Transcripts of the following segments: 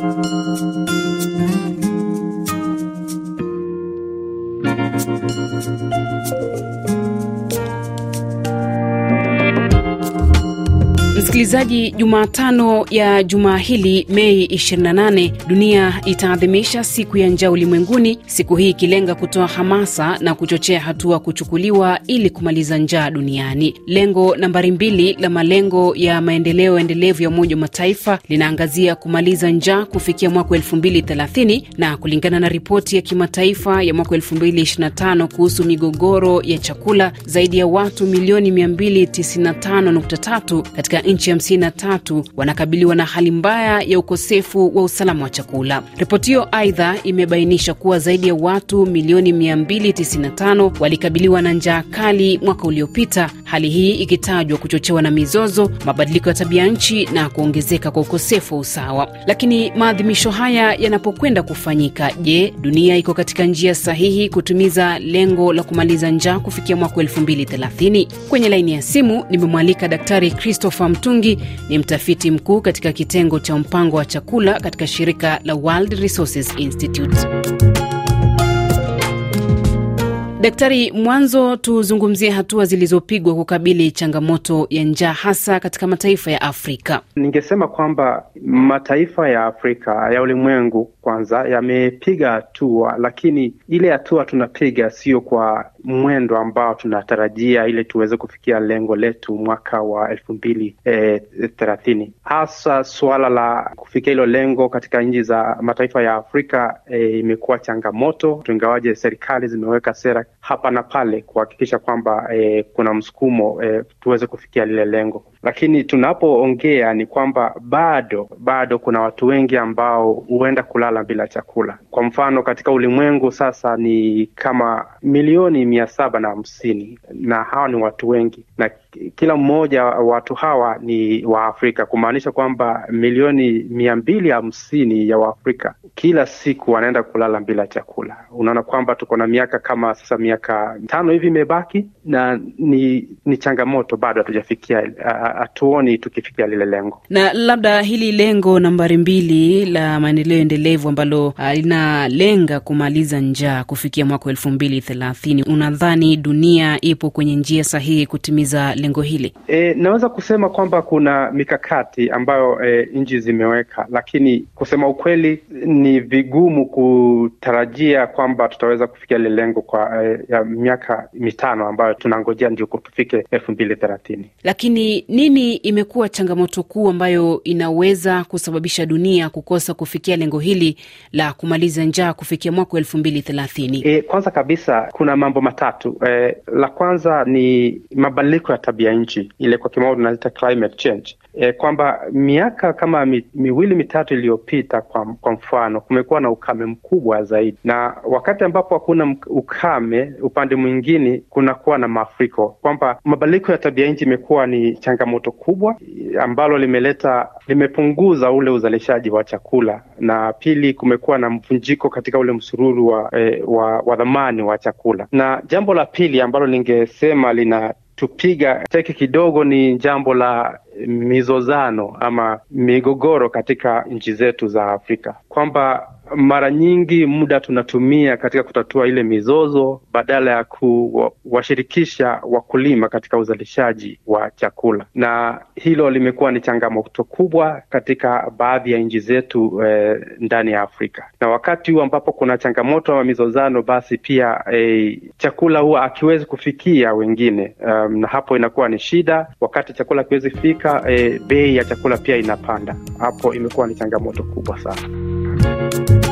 thank you Msikilizaji, Jumatano ya jumaa hili Mei 28 dunia itaadhimisha siku ya njaa ulimwenguni, siku hii ikilenga kutoa hamasa na kuchochea hatua kuchukuliwa ili kumaliza njaa duniani. Lengo nambari mbili la malengo ya maendeleo endelevu ya Umoja wa Mataifa linaangazia kumaliza njaa kufikia mwaka 2030 na kulingana na ripoti ya kimataifa ya mwaka 2025 kuhusu migogoro ya chakula, zaidi ya watu milioni 295.3 katika nchi 53 wanakabiliwa na hali mbaya ya ukosefu wa usalama wa chakula. Ripoti hiyo aidha imebainisha kuwa zaidi ya watu milioni 295 walikabiliwa na njaa kali mwaka uliopita, hali hii ikitajwa kuchochewa na mizozo, mabadiliko ya tabia nchi na kuongezeka kwa ukosefu wa usawa. Lakini maadhimisho haya yanapokwenda kufanyika, je, dunia iko katika njia sahihi kutimiza lengo la kumaliza njaa kufikia mwaka thelathini? Kwenye laini ya simu nimemwalika Daktari Christopher Mtungi, ni mtafiti mkuu katika kitengo cha mpango wa chakula katika shirika la World Resources Institute. Daktari, mwanzo tuzungumzie hatua zilizopigwa kukabili changamoto ya njaa hasa katika mataifa ya Afrika. Ningesema kwamba mataifa ya Afrika ya ulimwengu kwanza yamepiga hatua, lakini ile hatua tunapiga siyo kwa mwendo ambao tunatarajia ili tuweze kufikia lengo letu mwaka wa elfu mbili e, thelathini, hasa suala la kufikia hilo lengo katika nchi za mataifa ya Afrika e, imekuwa changamoto, tuingawaje serikali zimeweka sera hapa na pale kuhakikisha kwamba e, kuna msukumo e, tuweze kufikia lile lengo, lakini tunapoongea ni kwamba bado bado kuna watu wengi ambao huenda kulala bila chakula. Kwa mfano katika ulimwengu sasa ni kama milioni mia saba na hamsini na hawa ni watu wengi, na kila mmoja watu hawa ni Waafrika, kumaanisha kwamba milioni mia mbili hamsini ya Waafrika kila siku wanaenda kulala bila chakula. Unaona kwamba tuko na miaka kama sasa miaka tano hivi imebaki, na ni ni changamoto bado, hatujafikia hatuoni tukifikia lile lengo, na labda hili lengo nambari mbili la maendeleo endelevu ambalo linalenga kumaliza njaa kufikia mwaka wa elfu mbili thelathini una unadhani dunia ipo kwenye njia sahihi kutimiza lengo hili? E, naweza kusema kwamba kuna mikakati ambayo e, nchi zimeweka, lakini kusema ukweli ni vigumu kutarajia kwamba tutaweza kufikia ile lengo kwa e, ya miaka mitano ambayo tunangojea ndio tufike elfu mbili thelathini. Lakini nini imekuwa changamoto kuu ambayo inaweza kusababisha dunia kukosa kufikia lengo hili la kumaliza njaa kufikia mwaka elfu mbili thelathini? E, kwanza kabisa kuna mambo matatu eh, la kwanza ni mabadiliko ya tabia nchi ile kwa kimao tunaita climate change eh, kwamba miaka kama mi, miwili mitatu iliyopita kwa, kwa mfano kumekuwa na ukame mkubwa zaidi, na wakati ambapo hakuna ukame, upande mwingine kunakuwa na mafuriko, kwamba mabadiliko ya tabia nchi imekuwa ni changamoto kubwa ambalo limeleta limepunguza ule uzalishaji wa chakula, na pili kumekuwa na mvunjiko katika ule msururu wa, eh, wa, wa dhamani wa chakula, na jambo la pili ambalo ningesema lina tupiga teke kidogo ni jambo la mizozano ama migogoro katika nchi zetu za Afrika, kwamba mara nyingi muda tunatumia katika kutatua ile mizozo badala ya kuwashirikisha wakulima katika uzalishaji wa chakula, na hilo limekuwa ni changamoto kubwa katika baadhi ya nchi zetu e, ndani ya Afrika. Na wakati huu ambapo kuna changamoto ama mizozano, basi pia e, chakula huwa akiwezi kufikia wengine, um, na hapo inakuwa ni shida. Wakati chakula akiwezi kufika e, bei ya chakula pia inapanda. Hapo imekuwa ni changamoto kubwa sana. Thank you.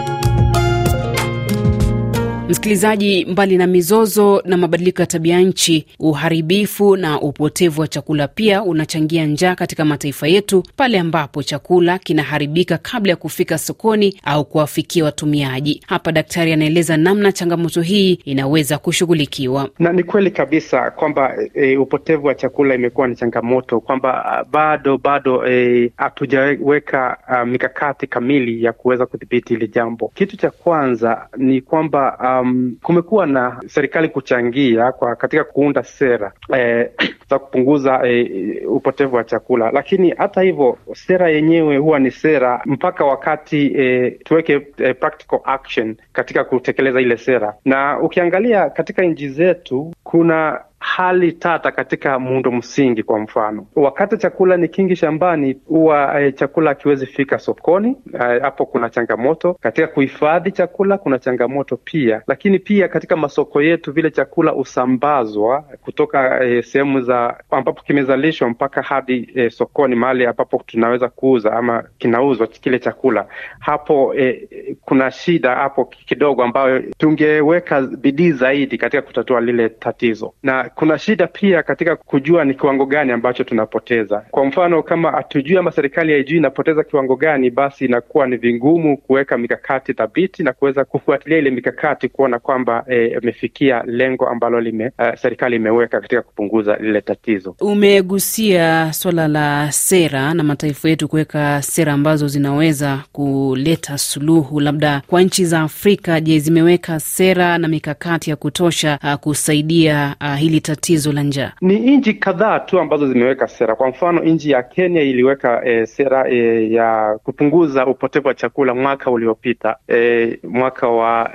Msikilizaji, mbali na mizozo na mabadiliko ya tabia nchi, uharibifu na upotevu wa chakula pia unachangia njaa katika mataifa yetu, pale ambapo chakula kinaharibika kabla ya kufika sokoni au kuwafikia watumiaji. Hapa daktari anaeleza namna changamoto hii inaweza kushughulikiwa. Na ni kweli kabisa kwamba e, upotevu wa chakula imekuwa ni changamoto, kwamba ah, bado bado eh, hatujaweka e, mikakati kamili ya kuweza kudhibiti hili jambo. Kitu cha kwanza ni kwamba a, ah, um, kumekuwa na serikali kuchangia kwa katika kuunda sera eh, za kupunguza eh, upotevu wa chakula, lakini hata hivyo sera yenyewe huwa ni sera mpaka wakati eh, tuweke eh, practical action katika kutekeleza ile sera, na ukiangalia katika nchi zetu kuna hali tata katika muundo msingi. Kwa mfano, wakati chakula ni kingi shambani, huwa e, chakula akiwezi fika sokoni. Eh, hapo kuna changamoto katika kuhifadhi chakula, kuna changamoto pia, lakini pia katika masoko yetu vile chakula husambazwa kutoka e, sehemu za ambapo kimezalishwa mpaka hadi e, sokoni, mahali ambapo tunaweza kuuza ama kinauzwa kile chakula. Hapo e, kuna shida hapo kidogo, ambayo tungeweka bidii zaidi katika kutatua lile tatizo na kuna shida pia katika kujua ni kiwango gani ambacho tunapoteza. Kwa mfano, kama hatujui ama serikali haijui inapoteza kiwango gani, basi inakuwa ni vingumu kuweka mikakati thabiti na kuweza kufuatilia ile mikakati kuona kwamba eh, imefikia e, lengo ambalo lime, uh, serikali imeweka katika kupunguza lile tatizo. Umegusia swala la sera na mataifa yetu kuweka sera ambazo zinaweza kuleta suluhu. Labda kwa nchi za Afrika, je, zimeweka sera na mikakati ya kutosha uh, kusaidia uh, hili tatizo? tatizo la njaa? Ni nchi kadhaa tu ambazo zimeweka sera. Kwa mfano nchi ya Kenya iliweka e, sera e, ya kupunguza upotevu wa chakula mwaka uliopita e, mwaka wa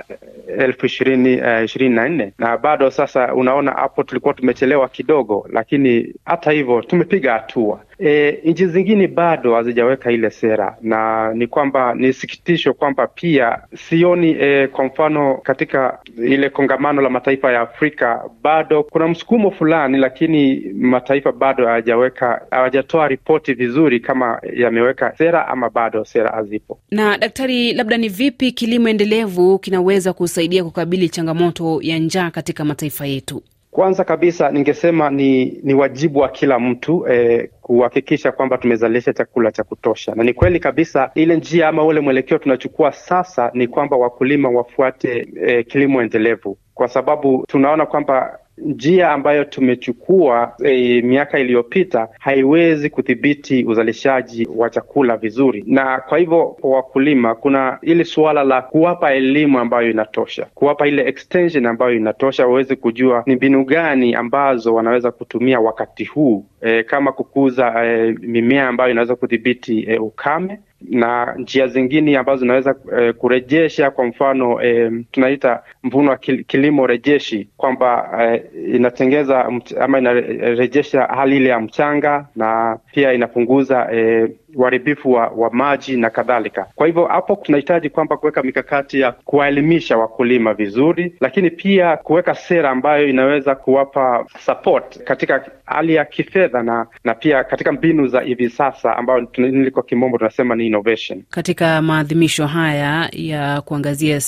elfu ishirini ishirini na nne na bado sasa, unaona hapo tulikuwa tumechelewa kidogo, lakini hata hivyo tumepiga hatua. E, nchi zingine bado hazijaweka ile sera, na ni kwamba ni kwamba pia sioni e, kwa mfano katika ile kongamano la mataifa ya Afrika bado kuna msukumo fulani, lakini mataifa bado hayajaweka hawajatoa ripoti vizuri kama yameweka sera ama bado sera hazipo. Na daktari, labda ni vipi kilimo endelevu kinaweza kusaidia kukabili changamoto ya njaa katika mataifa yetu? Kwanza kabisa ningesema ni, ni wajibu wa kila mtu eh, kuhakikisha kwamba tumezalisha chakula cha kutosha, na ni kweli kabisa ile njia ama ule mwelekeo tunachukua sasa ni kwamba wakulima wafuate eh, kilimo endelevu kwa sababu tunaona kwamba njia ambayo tumechukua e, miaka iliyopita haiwezi kudhibiti uzalishaji wa chakula vizuri, na kwa hivyo kwa wakulima kuna ili suala la kuwapa elimu ambayo inatosha, kuwapa ile extension ambayo inatosha, waweze kujua ni mbinu gani ambazo wanaweza kutumia wakati huu e, kama kukuza e, mimea ambayo inaweza kudhibiti e, ukame na njia zingine ambazo zinaweza e, kurejesha kwa mfano e, tunaita mvuno wa kilimo rejeshi kwamba e, inatengeza ama inarejesha hali ile ya mchanga na pia inapunguza e, uharibifu wa, wa maji na kadhalika. Kwa hivyo hapo tunahitaji kwamba kuweka mikakati ya kuwaelimisha wakulima vizuri, lakini pia kuweka sera ambayo inaweza kuwapa support katika hali ya kifedha na na pia katika mbinu za hivi sasa ambayo kwa kimombo tunasema ni innovation. Katika maadhimisho haya ya kuangazia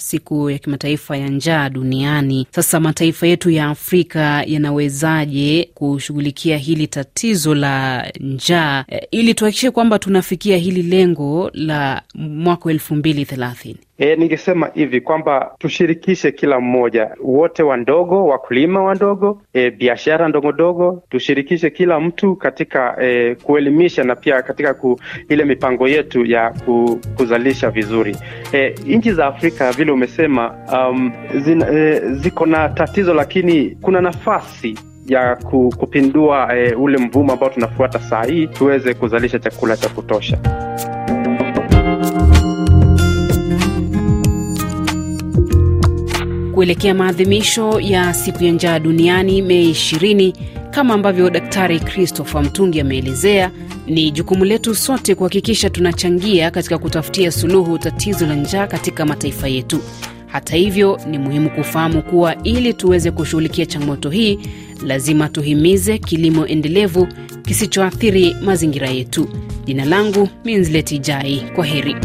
siku ya kimataifa ya njaa duniani, sasa mataifa yetu ya Afrika yanawezaje kushughulikia hili tatizo la njaa eh, ili tuhakikishe tuhakikishe kwamba tunafikia hili lengo la mwaka elfu mbili thelathini? E, ningesema hivi kwamba tushirikishe kila mmoja, wote wandogo, wakulima wandogo, e, biashara ndogondogo, tushirikishe kila mtu katika e, kuelimisha na pia katika ku, ile mipango yetu ya ku, kuzalisha vizuri. E, nchi za Afrika vile umesema, um, zina, e, ziko na tatizo, lakini kuna nafasi ya kupindua e, ule mvumo ambao tunafuata saa hii tuweze kuzalisha chakula cha kutosha. Kuelekea maadhimisho ya siku ya njaa duniani Mei 20, kama ambavyo Daktari Christopher Mtungi ameelezea, ni jukumu letu sote kuhakikisha tunachangia katika kutafutia suluhu tatizo la njaa katika mataifa yetu. Hata hivyo, ni muhimu kufahamu kuwa ili tuweze kushughulikia changamoto hii, lazima tuhimize kilimo endelevu kisichoathiri mazingira yetu. Jina langu Minzleti Jai, kwa heri.